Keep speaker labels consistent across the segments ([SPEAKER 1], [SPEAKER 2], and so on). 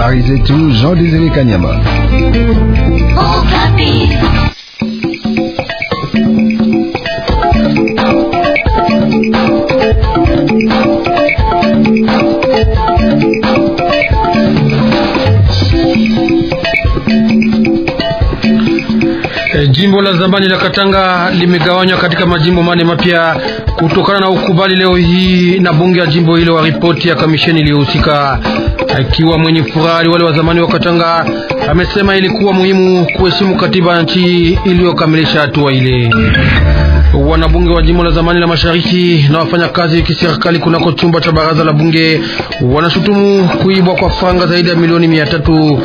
[SPEAKER 1] habari zetu Jean Désiré Kanyama.
[SPEAKER 2] Eh, jimbo la zamani la Katanga limegawanywa katika majimbo mane mapya kutokana na ukubali leo hii na bunge ya jimbo hilo wa ripoti ya kamisheni iliyohusika Akiwa mwenye furaha wale wa zamani wa Katanga amesema ilikuwa muhimu kuheshimu katiba ya nchi iliyokamilisha hatua ile. Wanabunge wa jimbo la zamani la mashariki na wafanya kazi kiserikali kunako chumba cha baraza la bunge wanashutumu kuibwa kwa franga zaidi ya milioni mia tatu.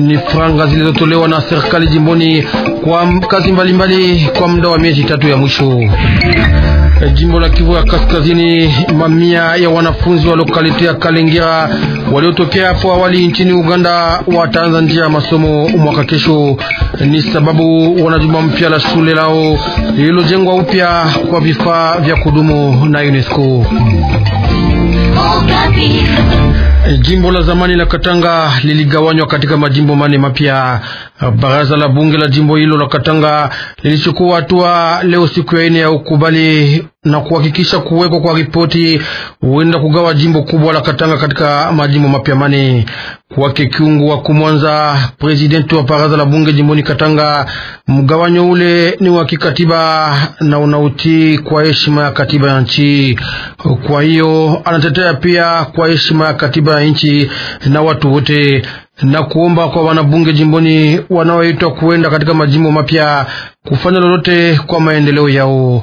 [SPEAKER 2] Ni franga zilizotolewa na serikali jimboni kwa kazi mbalimbali mbali, kwa muda wa miezi tatu ya mwisho. Eh, jimbo la Kivu ya Kaskazini, mamia ya wanafunzi wa lokalite ya kalengera waliotokea hapo awali nchini Uganda wataanza njia ya masomo mwaka kesho. Ni sababu wanajuma mpya la shule lao lililojengwa upya kwa vifaa vya kudumu na UNESCO. Eh, jimbo la zamani la Katanga liligawanywa katika majimbo mane mapya. Eh, baraza la bunge la jimbo hilo la Katanga lilichukua hatua leo siku ya ine ya ukubali na kuhakikisha kuwekwa kwa ripoti huenda kugawa jimbo kubwa la Katanga katika majimbo mapya mane. Kwake Kiungu wa Kumwanza, presidenti wa baraza la bunge jimboni Katanga, mgawanyo ule ni wa kikatiba na unautii kwa heshima ya katiba ya nchi. Kwa hiyo anatetea pia kwa heshima ya katiba ya nchi na watu wote na kuomba kwa wanabunge jimboni wanaoitwa kuenda katika majimbo mapya kufanya lolote kwa maendeleo yao.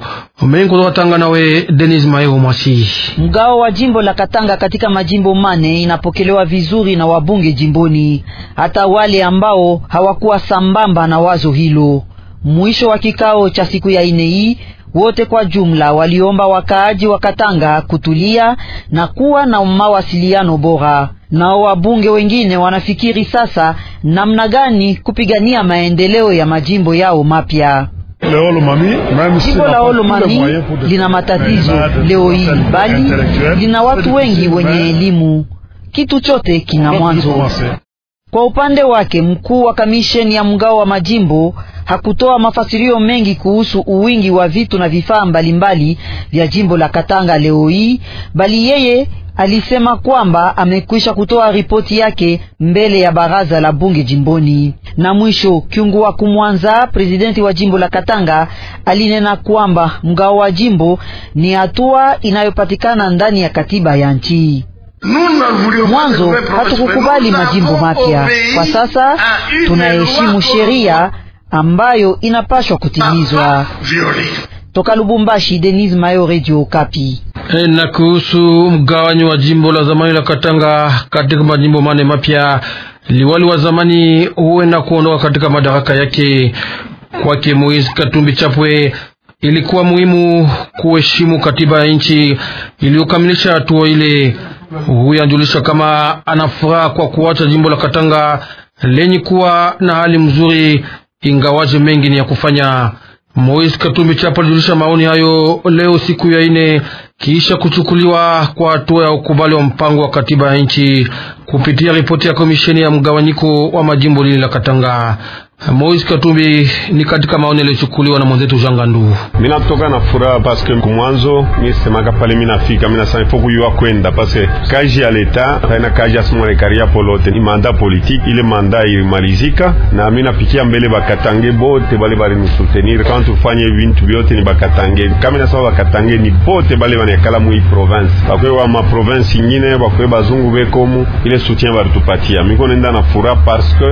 [SPEAKER 2] Nawe Denis Maeo Mwasi.
[SPEAKER 3] Mgao wa jimbo la Katanga katika majimbo mane inapokelewa vizuri na wabunge jimboni, hata wale ambao hawakuwa sambamba na wazo hilo. Mwisho wa kikao cha siku ya ine hii wote kwa jumla waliomba wakaaji wa Katanga kutulia na kuwa na mawasiliano bora. Nao wabunge wengine wanafikiri sasa namna gani kupigania maendeleo ya majimbo yao mapya. Jimbo la Olomami lina matatizo leo hii, bali lina watu wengi wenye elimu. Kitu chote kina mwanzo. Kwa upande wake mkuu wa kamisheni ya mgao wa majimbo hakutoa mafasirio mengi kuhusu uwingi wa vitu na vifaa mbalimbali vya jimbo la Katanga leo hii, bali yeye alisema kwamba amekwisha kutoa ripoti yake mbele ya baraza la bunge jimboni. Na mwisho kiungu wa Kumwanza, presidenti wa jimbo la Katanga, alinena kwamba mgao wa jimbo ni hatua inayopatikana ndani ya katiba ya nchi. Mwanzo hatukukubali majimbo mapya. Kwa sasa tunaheshimu sheria ambayo inapashwa kutimizwa. Toka Lubumbashi, Denis Mayo, Radio Okapi.
[SPEAKER 2] E, na kuhusu mgawanyo wa jimbo la zamani la Katanga katika majimbo mane mapya, liwali wa zamani huenda kuondoka katika madaraka yake. Kwake Moise Katumbi Chapwe ilikuwa muhimu kuheshimu katiba ya nchi iliyokamilisha hatua ile huyu anjulisha kama anafuraha kwa kuacha jimbo la Katanga lenye kuwa na hali mzuri, ingawaje mengi ni ya kufanya. Moise Katumbi Chapa alijulisha maoni hayo leo siku ya ine kisha kuchukuliwa kwa hatua ya ukubali wa mpango wa katiba ya nchi kupitia ripoti ya komisheni ya mgawanyiko wa majimbo lile la Katanga. Moise Katumbi
[SPEAKER 4] ni katika maoni yaliyochukuliwa na mwenzetu Jean Gandu. Mina na furaha paske kumwanzo misemaka pale minafika minasema fo kuyua kwenda paske kazi ya leta haina kazi asimwanekaria polote, ni manda politiki ile manda ilimalizika, na minapikia mbele bakatange bote bale bali nisutenir kama tufanye vintu vyote ni bakatange kama nasema bakatange ni bote bale banekala mui province bakwe wa ma province ingine bakwe bazungu bekomu ile soutien baritupatia miko na furaha paske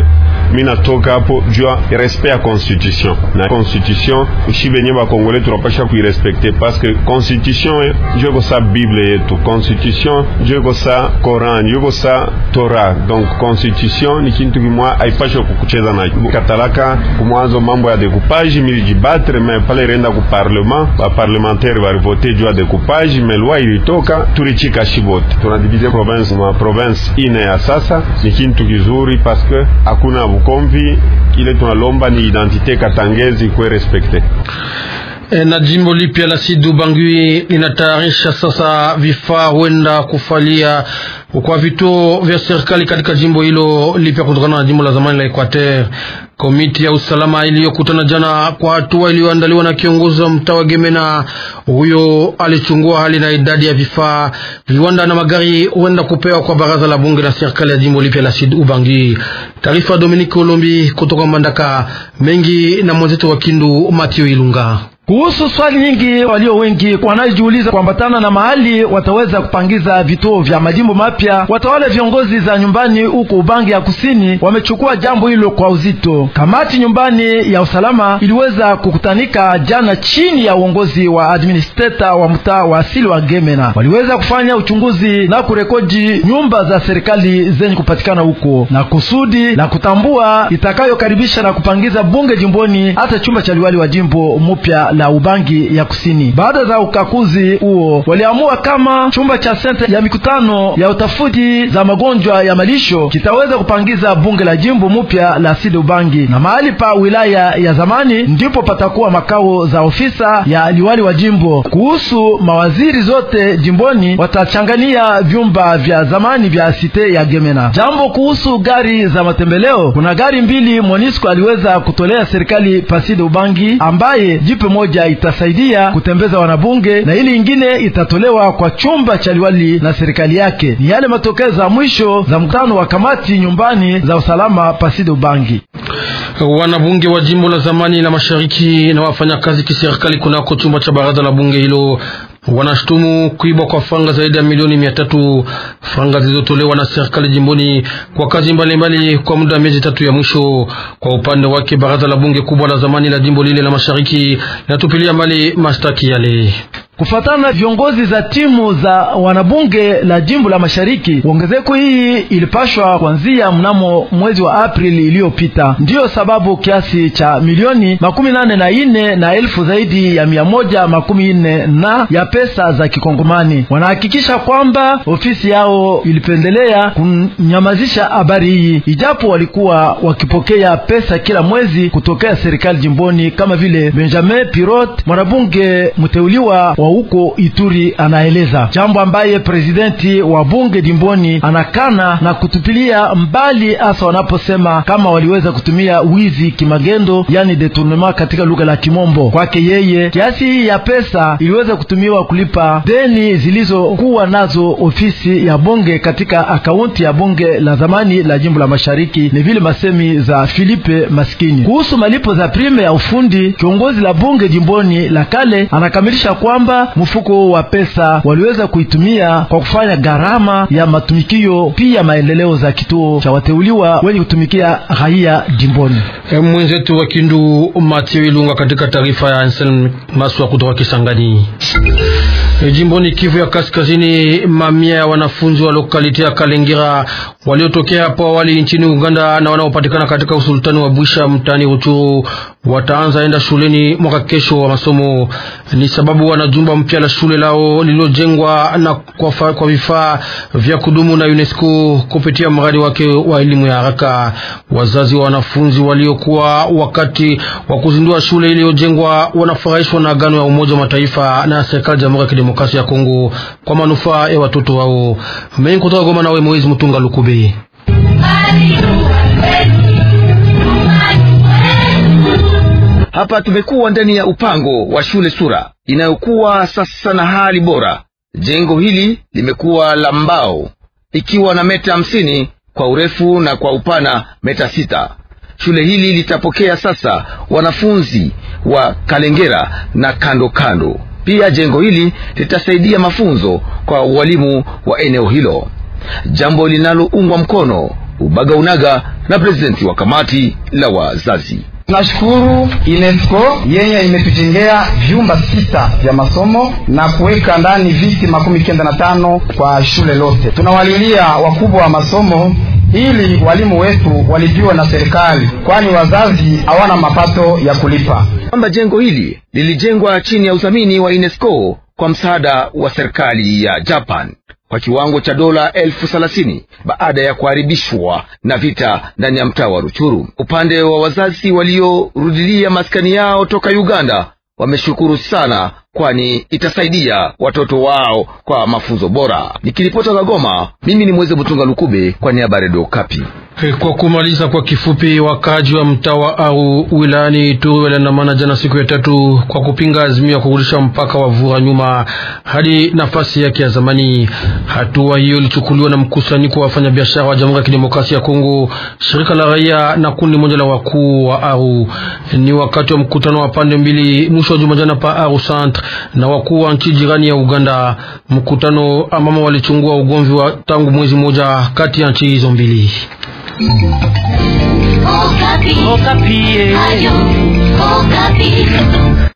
[SPEAKER 4] minatoka hapo jua respect ya constitution na constitution shi benye bakongole tunapasha kuirespekte paske constitution njo eh, ekosa bible yetu, constitution njo ekosa Koran, njo ekosa Torah. Donc constitution ni kintu kimwa aipashe kukucheza nacho katalaka kumwanzo mambo ya dekupage milijibatre me pale irenda ku parlement ba barivote jua dekupage me lwa ilitoka tulichika shibote tunadivize province ma province ine ya sasa ni kintu kizuri paske hakuna ugomvi, ile tunalomba ni identite Katangezi kwe respekte
[SPEAKER 2] Eh, na jimbo lipya la Sidu Bangui linatayarisha sasa vifaa huenda kufalia kwa vituo vya serikali katika jimbo hilo lipya kutokana na jimbo la zamani la Equateur. Komiti ya usalama iliyokutana jana kwa hatua iliyoandaliwa na kiongozi wa mtaa wa Gemena, huyo alichungua hali na idadi ya vifaa, viwanda na magari huenda kupewa kwa baraza la bunge la serikali ya jimbo lipya la Sud Ubangi. Taarifa Dominique Olombi kutoka Mbandaka, mengi na
[SPEAKER 5] mwenzetu wa Kindu Mathieu Ilunga kuhusu swali nyingi walio wengi wanajiuliza kuambatana na mahali wataweza kupangiza vituo vya majimbo mapya. Watawala viongozi za nyumbani huko Ubangi ya Kusini wamechukua jambo hilo kwa uzito. Kamati nyumbani ya usalama iliweza kukutanika jana chini ya uongozi wa administrator wa mtaa wa asili wa Gemena. Waliweza kufanya uchunguzi na kurekodi nyumba za serikali zenye kupatikana huko na kusudi la kutambua itakayokaribisha na kupangiza bunge jimboni hata chumba cha liwali wa jimbo mupya la na Ubangi ya kusini. Baada za ukakuzi huo, waliamua kama chumba cha senta ya mikutano ya utafiti za magonjwa ya malisho kitaweza kupangiza bunge la jimbo mupya la Sidi Ubangi, na mahali pa wilaya ya zamani ndipo patakuwa makao za ofisa ya liwali wa jimbo. Kuhusu mawaziri zote jimboni, watachangania vyumba vya zamani vya site ya Gemena. Jambo kuhusu gari za matembeleo, kuna gari mbili Monisco aliweza kutolea serikali paside Ubangi ambaye jipe moja itasaidia kutembeza wanabunge na ili ingine itatolewa kwa chumba cha liwali na serikali yake. Ni yale matokeo za mwisho za mkutano wa kamati nyumbani za usalama paside Ubangi.
[SPEAKER 2] Wanabunge wa jimbo la zamani la mashariki na wafanyakazi kiserikali kunako chumba cha baraza la bunge hilo wanashutumu kuibwa kwa franga zaidi ya milioni mia tatu franga zilizotolewa na serikali jimboni kwa kazi mbalimbali mbali kwa muda wa miezi tatu ya mwisho. Kwa upande wake, baraza la bunge kubwa la zamani la jimbo lile la mashariki linatupilia mbali mashtaki yale
[SPEAKER 5] kufatana na viongozi za timu za wanabunge la jimbo la mashariki. Ongezeko hii ilipashwa kuanzia mnamo mwezi wa Aprili iliyopita. Ndiyo sababu kiasi cha milioni makumi nane na ine na elfu zaidi ya mia moja makumi na ya pesa za kikongomani wanahakikisha kwamba ofisi yao ilipendelea kunyamazisha habari hii, ijapo walikuwa wakipokea pesa kila mwezi kutokea serikali jimboni, kama vile Benjamin Pirot, mwanabunge mteuliwa wa huko Ituri anaeleza jambo ambaye prezidenti wa bunge dimboni anakana na kutupilia mbali, hasa wanaposema kama waliweza kutumia wizi kimagendo, yani detournement katika lugha la Kimombo. Kwake yeye kiasi ya pesa iliweza kutumiwa kulipa deni zilizokuwa nazo ofisi ya bunge katika akaunti ya bunge la zamani la jimbo la mashariki. Ni vile masemi za Filipe Maskini kuhusu malipo za prime ya ufundi. Kiongozi la bunge jimboni la kale anakamilisha kwamba kwamba mfuko wa pesa waliweza kuitumia kwa kufanya gharama ya matumikio pia maendeleo za kituo cha wateuliwa wenye kutumikia raia jimboni. Eh, mwenzetu wa Kindu
[SPEAKER 2] Mathieu Ilunga katika taarifa ya Anselm Maswa kutoka Kisangani. Eh, jimboni Kivu ya Kaskazini, mamia ya wanafunzi wa lokaliti ya Kalengira waliotokea hapo awali nchini Uganda na wanaopatikana katika usultani wa Bwisha mtaani Ruchuru wataanza enda shuleni mwaka kesho wa masomo. Ni sababu wana jumba mpya la shule lao lililojengwa na kwa, kwa vifaa vya kudumu na UNESCO kupitia mradi wake wa elimu ya haraka. Wazazi wa wanafunzi waliokuwa wakati wa kuzindua shule iliyojengwa wanafurahishwa na agano ya Umoja wa Mataifa na serikali ya Jamhuri ya Kidemokrasia ya Kongo kwa manufaa ya watoto wao. Mengi kutoka Goma, nawe Moizi Mtunga Lukube.
[SPEAKER 1] Hapa tumekuwa ndani ya upango wa shule sura inayokuwa sasa na hali bora. Jengo hili limekuwa la mbao, ikiwa na meta hamsini kwa urefu na kwa upana meta sita. Shule hili litapokea sasa wanafunzi wa Kalengera na kando kando. Pia jengo hili litasaidia mafunzo kwa walimu wa eneo hilo, jambo linaloungwa mkono ubaga unaga na prezidenti wa kamati la wazazi. Tunashukuru UNESCO yenye imetujengea vyumba sita vya masomo na kuweka ndani viti makumi kenda na tano kwa shule lote. Tunawalilia wakubwa wa masomo ili walimu wetu walipiwa na serikali, kwani wazazi hawana mapato ya kulipa. Kwamba jengo hili lilijengwa chini ya udhamini wa UNESCO kwa msaada wa serikali ya Japan kwa kiwango cha dola elfu thelathini baada ya kuharibishwa na vita ndani ya mtaa wa Ruchuru. Upande wa wazazi waliorudilia maskani yao toka Uganda wameshukuru sana, kwani itasaidia watoto wao kwa mafunzo bora. Nikiripota Kagoma, mimi ni Mweze Mutunga Lukube kwa niaba ya Redio Kapi.
[SPEAKER 2] Eh, kwa kumaliza kwa kifupi, wakaji wa mtawa au wilayani Ituri waliandamana jana siku ya tatu kwa kupinga azimio ya kurudisha mpaka wa Vura nyuma hadi nafasi yake ya zamani. Hatua hiyo ilichukuliwa na mkusanyiko wa wafanyabiashara wa Jamhuri ya Kidemokrasia ya Kongo, shirika la raia na kundi moja la wakuu wa Aru. Ni wakati wa mkutano wa pande mbili mwisho wa juma jana pa Aru Centre na wakuu wa nchi jirani ya Uganda, mkutano ambao walichungua ugomvi wa tangu mwezi mmoja kati ya nchi hizo mbili.
[SPEAKER 3] Okapi. Okapi.